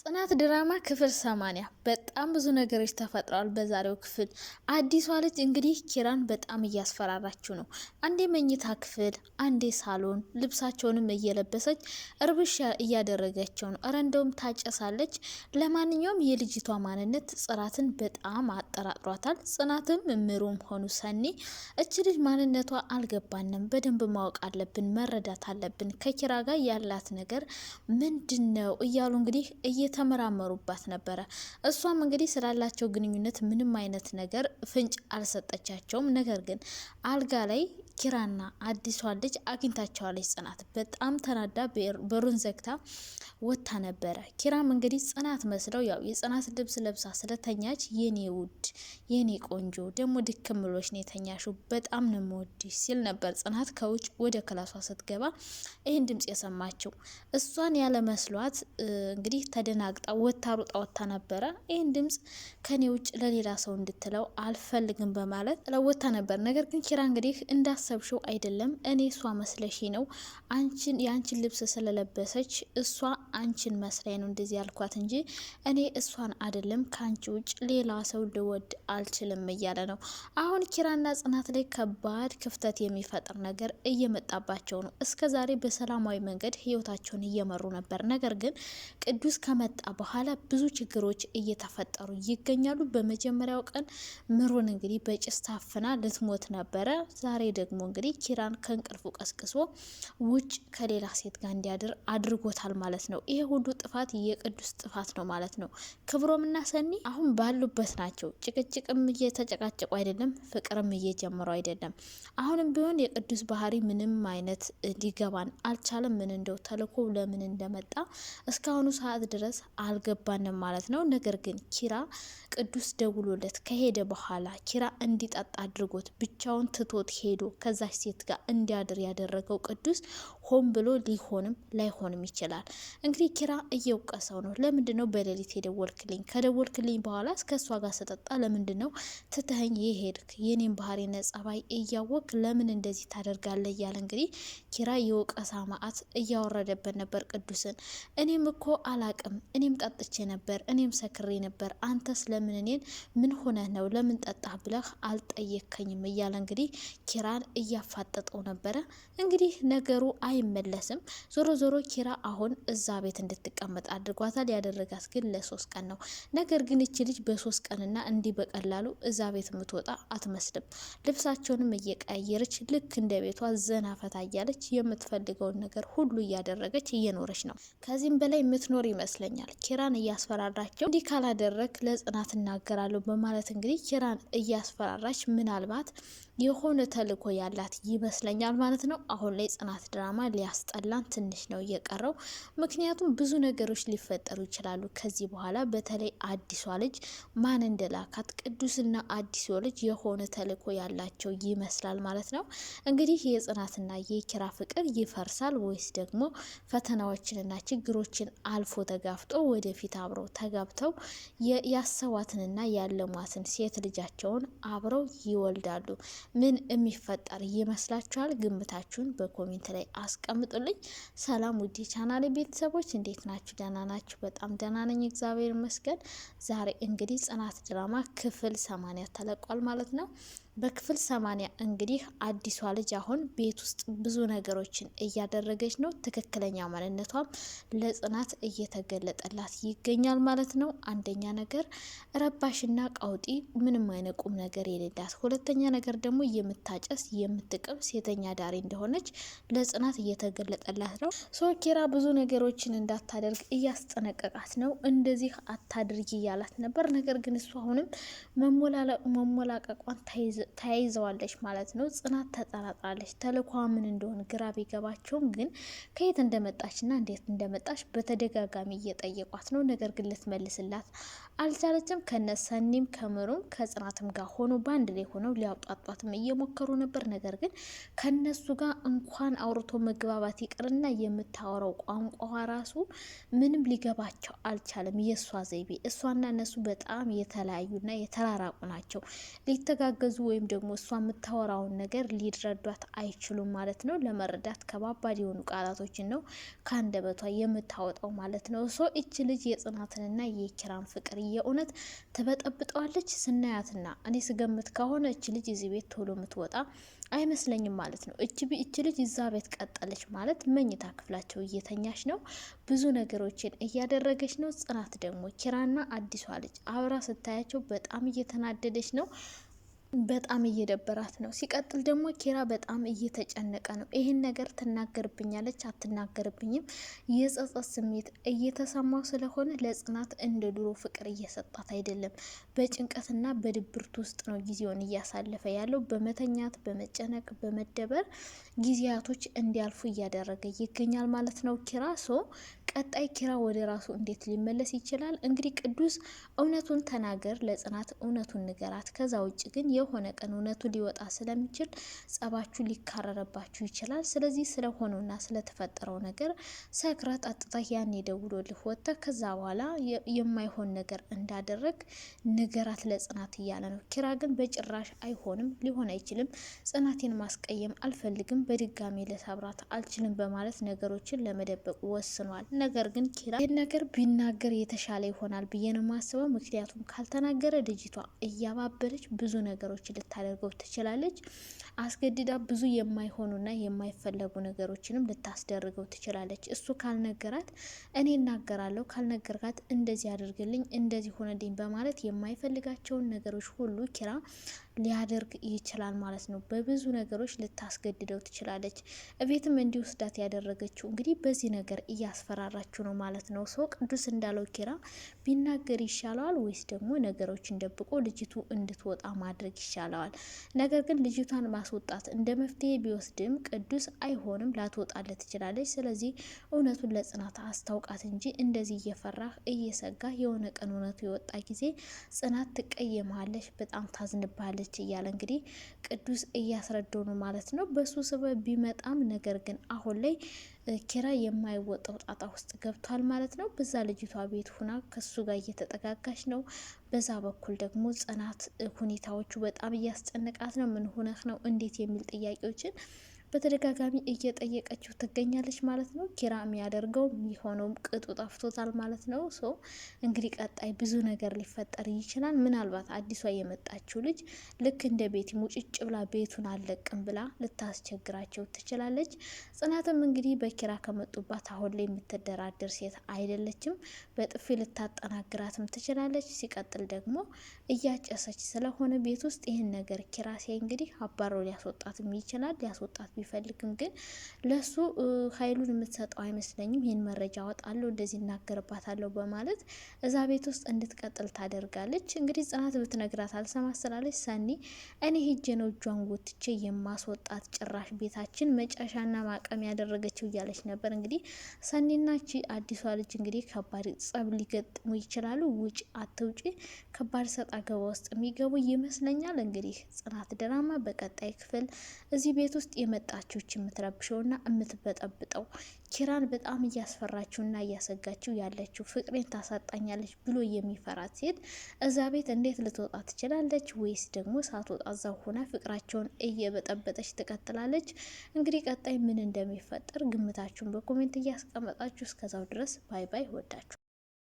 ጽናት ድራማ ክፍል ሰማንያ በጣም ብዙ ነገሮች ተፈጥረዋል። በዛሬው ክፍል አዲሷ ልጅ እንግዲህ ኪራን በጣም እያስፈራራችው ነው። አንዴ መኝታ ክፍል፣ አንዴ ሳሎን ልብሳቸውንም እየለበሰች እርብሻ እያደረገቸው ነው። እረ እንደውም ታጨሳለች። ለማንኛውም የልጅቷ ማንነት ጽናትን በጣም አጠራጥሯታል። ጽናትም ምሩም ሆኑ ሰኒ እች ልጅ ማንነቷ አልገባንም፣ በደንብ ማወቅ አለብን፣ መረዳት አለብን፣ ከኪራ ጋር ያላት ነገር ምንድን ነው እያሉ እንግዲህ እየተመራመሩባት ነበረ። እሷም እንግዲህ ስላላቸው ግንኙነት ምንም አይነት ነገር ፍንጭ አልሰጠቻቸውም። ነገር ግን አልጋ ላይ ኪራና አዲሷ ልጅ አግኝታቸዋለች። ጽናት በጣም ተናዳ በሩን ዘግታ ወጥታ ነበረ። ኪራም እንግዲህ ጽናት መስለው ያው የጽናት ልብስ ለብሳ ስለተኛች የኔ ውድ የኔ ቆንጆ ደግሞ ድክም ብሎች ነው የተኛሹ በጣም ነው የምወድሽ ሲል ነበር። ጽናት ከውጭ ወደ ክላሷ ስትገባ ይህን ድምጽ የሰማችው እሷን ያለ መስሏት እንግዲህ ተደ ተደናግጣ ወታ ሩጣ ወታ ነበረ። ይህን ድምፅ ከኔ ውጭ ለሌላ ሰው እንድትለው አልፈልግም በማለት ለወታ ነበር። ነገር ግን ኪራ እንግዲህ እንዳሰብሽው አይደለም፣ እኔ እሷ መስለሽ ነው አንቺን የአንቺን ልብስ ስለለበሰች እሷ አንቺን መስሪያ ነው እንደዚህ ያልኳት እንጂ እኔ እሷን አይደለም ከአንቺ ውጭ ሌላ ሰው ልወድ አልችልም እያለ ነው። አሁን ኪራና ጽናት ላይ ከባድ ክፍተት የሚፈጥር ነገር እየመጣባቸው ነው። እስከዛሬ በሰላማዊ መንገድ ህይወታቸውን እየመሩ ነበር። ነገር ግን ቅዱስ ከመ ከመጣ በኋላ ብዙ ችግሮች እየተፈጠሩ ይገኛሉ። በመጀመሪያው ቀን ምሩን እንግዲህ በጭስ ታፍና ልትሞት ነበረ። ዛሬ ደግሞ እንግዲህ ኪራን ከእንቅልፉ ቀስቅሶ ውጭ ከሌላ ሴት ጋር እንዲያድር አድርጎታል ማለት ነው። ይሄ ሁሉ ጥፋት የቅዱስ ጥፋት ነው ማለት ነው። ክብሮምና ሰኒ አሁን ባሉበት ናቸው። ጭቅጭቅም እየተጨቃጨቁ አይደለም፣ ፍቅርም እየጀመሩ አይደለም። አሁንም ቢሆን የቅዱስ ባህሪ ምንም አይነት ሊገባን አልቻለም። ምን እንደው ተልኮ ለምን እንደመጣ እስካሁኑ ሰዓት ድረስ ድረስ አልገባንም ማለት ነው። ነገር ግን ኪራ ቅዱስ ደውሎለት ከሄደ በኋላ ኪራ እንዲጠጣ አድርጎት ብቻውን ትቶት ሄዶ ከዛች ሴት ጋር እንዲያድር ያደረገው ቅዱስ ሆን ብሎ ሊሆንም ላይሆንም ይችላል። እንግዲህ ኪራ እየውቀሰው ነው። ለምንድን ነው በሌሊት የደወልክልኝ? ከደወልክልኝ በኋላ ከእሷ ጋር ስጠጣ ለምንድን ነው ትተኸኝ የሄድክ? የኔም ባህሪና ነጸባይ እያወቅ ለምን እንደዚህ ታደርጋለህ? እያለ እንግዲህ ኪራ የወቀሳ ማአት እያወረደበት ነበር ቅዱስን። እኔም እኮ አላቅም እኔም ጠጥቼ ነበር፣ እኔም ሰክሬ ነበር። አንተስ ለምን እኔን ምን ሆነህ ነው ለምን ጠጣህ ብለህ አልጠየከኝም? እያለ እንግዲህ ኪራን እያፋጠጠው ነበረ። እንግዲህ ነገሩ አይመለስም። ዞሮ ዞሮ ኪራ አሁን እዛ ቤት እንድትቀመጥ አድርጓታል። ያደረጋት ግን ለሶስት ቀን ነው። ነገር ግን እቺ ልጅ በሶስት ቀንና እንዲህ በቀላሉ እዛ ቤት የምትወጣ አትመስልም። ልብሳቸውንም እየቀያየረች ልክ እንደ ቤቷ ዘና ፈታ እያለች የምትፈልገውን ነገር ሁሉ እያደረገች እየኖረች ነው። ከዚህም በላይ የምትኖር ይመስለኛል። ይመስለኛል። ኪራን እያስፈራራቸው እንዲህ ካላደረግ ለጽናት እናገራለሁ በማለት እንግዲህ ኪራን እያስፈራራች ምናልባት የሆነ ተልዕኮ ያላት ይመስለኛል ማለት ነው። አሁን ላይ ጽናት ድራማ ሊያስጠላን ትንሽ ነው እየቀረው። ምክንያቱም ብዙ ነገሮች ሊፈጠሩ ይችላሉ ከዚህ በኋላ በተለይ አዲሷ ልጅ ማን እንደላካት ቅዱስና አዲሷ ልጅ የሆነ ተልዕኮ ያላቸው ይመስላል ማለት ነው። እንግዲህ የጽናትና የኪራ ፍቅር ይፈርሳል ወይስ ደግሞ ፈተናዎችንና ችግሮችን አልፎ ተጋፍጦ ወደፊት አብረው ተጋብተው ያሰዋትንና ያለሟትን ሴት ልጃቸውን አብረው ይወልዳሉ። ምን የሚፈጠር ይመስላችኋል? ግምታችሁን በኮሜንት ላይ አስቀምጡልኝ። ሰላም ውድ ቻናሌ ቤተሰቦች እንዴት ናችሁ? ደህና ናችሁ? በጣም ደህና ነኝ፣ እግዚአብሔር ይመስገን። ዛሬ እንግዲህ ጽናት ድራማ ክፍል ሰማንያ ተለቋል ማለት ነው። በክፍል ሰማንያ እንግዲህ አዲሷ ልጅ አሁን ቤት ውስጥ ብዙ ነገሮችን እያደረገች ነው። ትክክለኛ ማንነቷም ለጽናት እየተገለጠላት ይገኛል ማለት ነው። አንደኛ ነገር ረባሽና ቀውጢ ምንም አይነት ቁም ነገር የሌላት፣ ሁለተኛ ነገር ደግሞ ደግሞ የምታጨስ የምትቅም ሴተኛ ዳሪ እንደሆነች ለጽናት እየተገለጠላት ነው። ሶ ኬራ ብዙ ነገሮችን እንዳታደርግ እያስጠነቀቃት ነው። እንደዚህ አታድርጊ እያላት ነበር። ነገር ግን እሱ አሁንም መሞላቀቋን ተያይዘዋለች ማለት ነው። ጽናት ተጠራጥራለች። ተልኳ ምን እንደሆን ግራ ቢገባቸውም ግን ከየት እንደመጣችና እንዴት እንደመጣች በተደጋጋሚ እየጠየቋት ነው። ነገር ግን ልትመልስላት አልቻለችም። ከነሰኒም ከምሩም ከጽናትም ጋር ሆኖ በአንድ ላይ ሆነው ሊያውጣጧት ለማውራትም እየሞከሩ ነበር። ነገር ግን ከነሱ ጋር እንኳን አውርቶ መግባባት ይቅርና የምታወራው ቋንቋዋ ራሱ ምንም ሊገባቸው አልቻለም። የእሷ ዘይቤ እሷና እነሱ በጣም የተለያዩና የተራራቁ ናቸው። ሊተጋገዙ ወይም ደግሞ እሷ የምታወራውን ነገር ሊረዷት አይችሉም ማለት ነው። ለመረዳት ከባባድ የሆኑ ቃላቶችን ነው ከአንደበቷ የምታወጣው ማለት ነው። ሶ እች ልጅ የጽናትንና የኪራን ፍቅር የእውነት ትበጠብጠዋለች ስናያትና እኔ ስገምት ከሆነ እች ልጅ እዚህ ቤት ቶሎ የምትወጣ አይመስለኝም ማለት ነው። እች ልጅ እዛ ቤት ቀጠለች ማለት መኝታ ክፍላቸው እየተኛች ነው፣ ብዙ ነገሮችን እያደረገች ነው። ጽናት ደግሞ ኪራና አዲሷ ልጅ አብራ ስታያቸው በጣም እየተናደደች ነው። በጣም እየደበራት ነው። ሲቀጥል ደግሞ ኪራ በጣም እየተጨነቀ ነው። ይህን ነገር ትናገርብኛለች አትናገርብኝም የጸጸት ስሜት እየተሰማው ስለሆነ ለጽናት እንደ ድሮ ፍቅር እየሰጣት አይደለም። በጭንቀትና በድብርት ውስጥ ነው ጊዜውን እያሳለፈ ያለው። በመተኛት በመጨነቅ በመደበር ጊዜያቶች እንዲያልፉ እያደረገ ይገኛል ማለት ነው ኪራ ሶ ቀጣይ ኪራ ወደ ራሱ እንዴት ሊመለስ ይችላል? እንግዲህ ቅዱስ እውነቱን ተናገር፣ ለጽናት እውነቱን ንገራት። ከዛ ውጭ ግን የሆነ ቀን እውነቱ ሊወጣ ስለሚችል ጸባችሁ ሊካረረባችሁ ይችላል። ስለዚህ ስለሆነውና ስለተፈጠረው ነገር ሰክራ ጠጥታ ያኔ ደውሎልህ ወጥተ ከዛ በኋላ የማይሆን ነገር እንዳደረግ ንገራት ለጽናት እያለ ነው። ኪራ ግን በጭራሽ አይሆንም፣ ሊሆን አይችልም፣ ጽናቴን ማስቀየም አልፈልግም፣ በድጋሚ ለሳብራት አልችልም በማለት ነገሮችን ለመደበቅ ወስኗል። ነገር ግን ኪራ ይህን ነገር ቢናገር የተሻለ ይሆናል ብዬ ነው ማስበው። ምክንያቱም ካልተናገረ ልጅቷ እያባበለች ብዙ ነገር ነገሮች ልታደርገው ትችላለች። አስገድዳ ብዙ የማይሆኑና የማይፈለጉ ነገሮችንም ልታስደርገው ትችላለች። እሱ ካልነገራት እኔ እናገራለሁ፣ ካልነገርካት እንደዚህ አድርግልኝ፣ እንደዚህ ሆነልኝ በማለት የማይፈልጋቸውን ነገሮች ሁሉ ኪራ ሊያደርግ ይችላል ማለት ነው። በብዙ ነገሮች ልታስገድደው ትችላለች። እቤትም እንዲወስዳት ያደረገችው እንግዲህ በዚህ ነገር እያስፈራራችሁ ነው ማለት ነው። ሰው ቅዱስ እንዳለው ኪራ ቢናገር ይሻለዋል ወይስ ደግሞ ነገሮችን ደብቆ ልጅቱ እንድትወጣ ማድረግ ይሻለዋል? ነገር ግን ልጅቷን ማስወጣት እንደ መፍትሄ ቢወስድም ቅዱስ አይሆንም፣ ላትወጣለት ትችላለች። ስለዚህ እውነቱን ለጽናት አስታውቃት እንጂ እንደዚህ እየፈራ እየሰጋ የሆነ ቀን እውነቱ የወጣ ጊዜ ጽናት ትቀየመሃለች፣ በጣም ታዝንባለች። ትችላለች እያለ እንግዲህ ቅዱስ እያስረዳው ነው ማለት ነው። በሱ ስበብ ቢመጣም ነገር ግን አሁን ላይ ኪራ የማይወጣው ጣጣ ውስጥ ገብቷል ማለት ነው። በዛ ልጅቷ ቤት ሁና ከሱ ጋር እየተጠጋጋች ነው። በዛ በኩል ደግሞ ጽናት ሁኔታዎቹ በጣም እያስጨነቃት ነው። ምን ሁነህ ነው እንዴት የሚል ጥያቄዎችን በተደጋጋሚ እየጠየቀችው ትገኛለች ማለት ነው። ኪራ የሚያደርገው የሚሆነውም ቅጡ ጠፍቶታል ማለት ነው። ሶ እንግዲህ ቀጣይ ብዙ ነገር ሊፈጠር ይችላል። ምናልባት አዲሷ የመጣችው ልጅ ልክ እንደ ቤቲ ሙጭጭ ብላ ቤቱን አለቅም ብላ ልታስቸግራቸው ትችላለች። ጽናትም እንግዲህ በኪራ ከመጡባት አሁን ላይ የምትደራደር ሴት አይደለችም። በጥፊ ልታጠናግራትም ትችላለች። ሲቀጥል ደግሞ እያጨሰች ስለሆነ ቤት ውስጥ ይህን ነገር ኪራ ሲያይ እንግዲህ አባሮ ሊያስወጣትም ይችላል ሊያስወጣት ቢፈልግም ግን ለሱ ኃይሉን የምትሰጠው አይመስለኝም። ይህን መረጃ አወጣለሁ፣ እንደዚህ እናገርባታለሁ በማለት እዛ ቤት ውስጥ እንድትቀጥል ታደርጋለች። እንግዲህ ጽናት ብትነግራት አልሰማስላለች። ሰኒ እኔ ሄጄ ነው እጇን ጎትቼ የማስወጣት ጭራሽ ቤታችን መጨረሻና ማቀም ያደረገችው እያለች ነበር። እንግዲህ ሰኒና ቺ አዲሷ ልጅ እንግዲህ ከባድ ጸብ ሊገጥሙ ይችላሉ። ውጭ አትውጪ ከባድ ሰጥ አገባ ውስጥ የሚገቡ ይመስለኛል። እንግዲህ ጽናት ድራማ በቀጣይ ክፍል እዚህ ቤት ውስጥ የመጣ የምትረብሸው የምትረብሸውና የምትበጠብጠው ኪራን በጣም እና እያሰጋችሁ ያለችው ፍቅሬን ታሳጣኛለች ብሎ የሚፈራት ሴት እዛ ቤት እንዴት ልትወጣ ትችላለች? ወይስ ደግሞ ሳትወጣ እዛ ሆና ፍቅራቸውን እየበጠበጠች ትቀጥላለች? እንግዲህ ቀጣይ ምን እንደሚፈጠር ግምታችሁን በኮሜንት እያስቀመጣችሁ እስከዛው ድረስ ባይ ባይ ወዳችሁ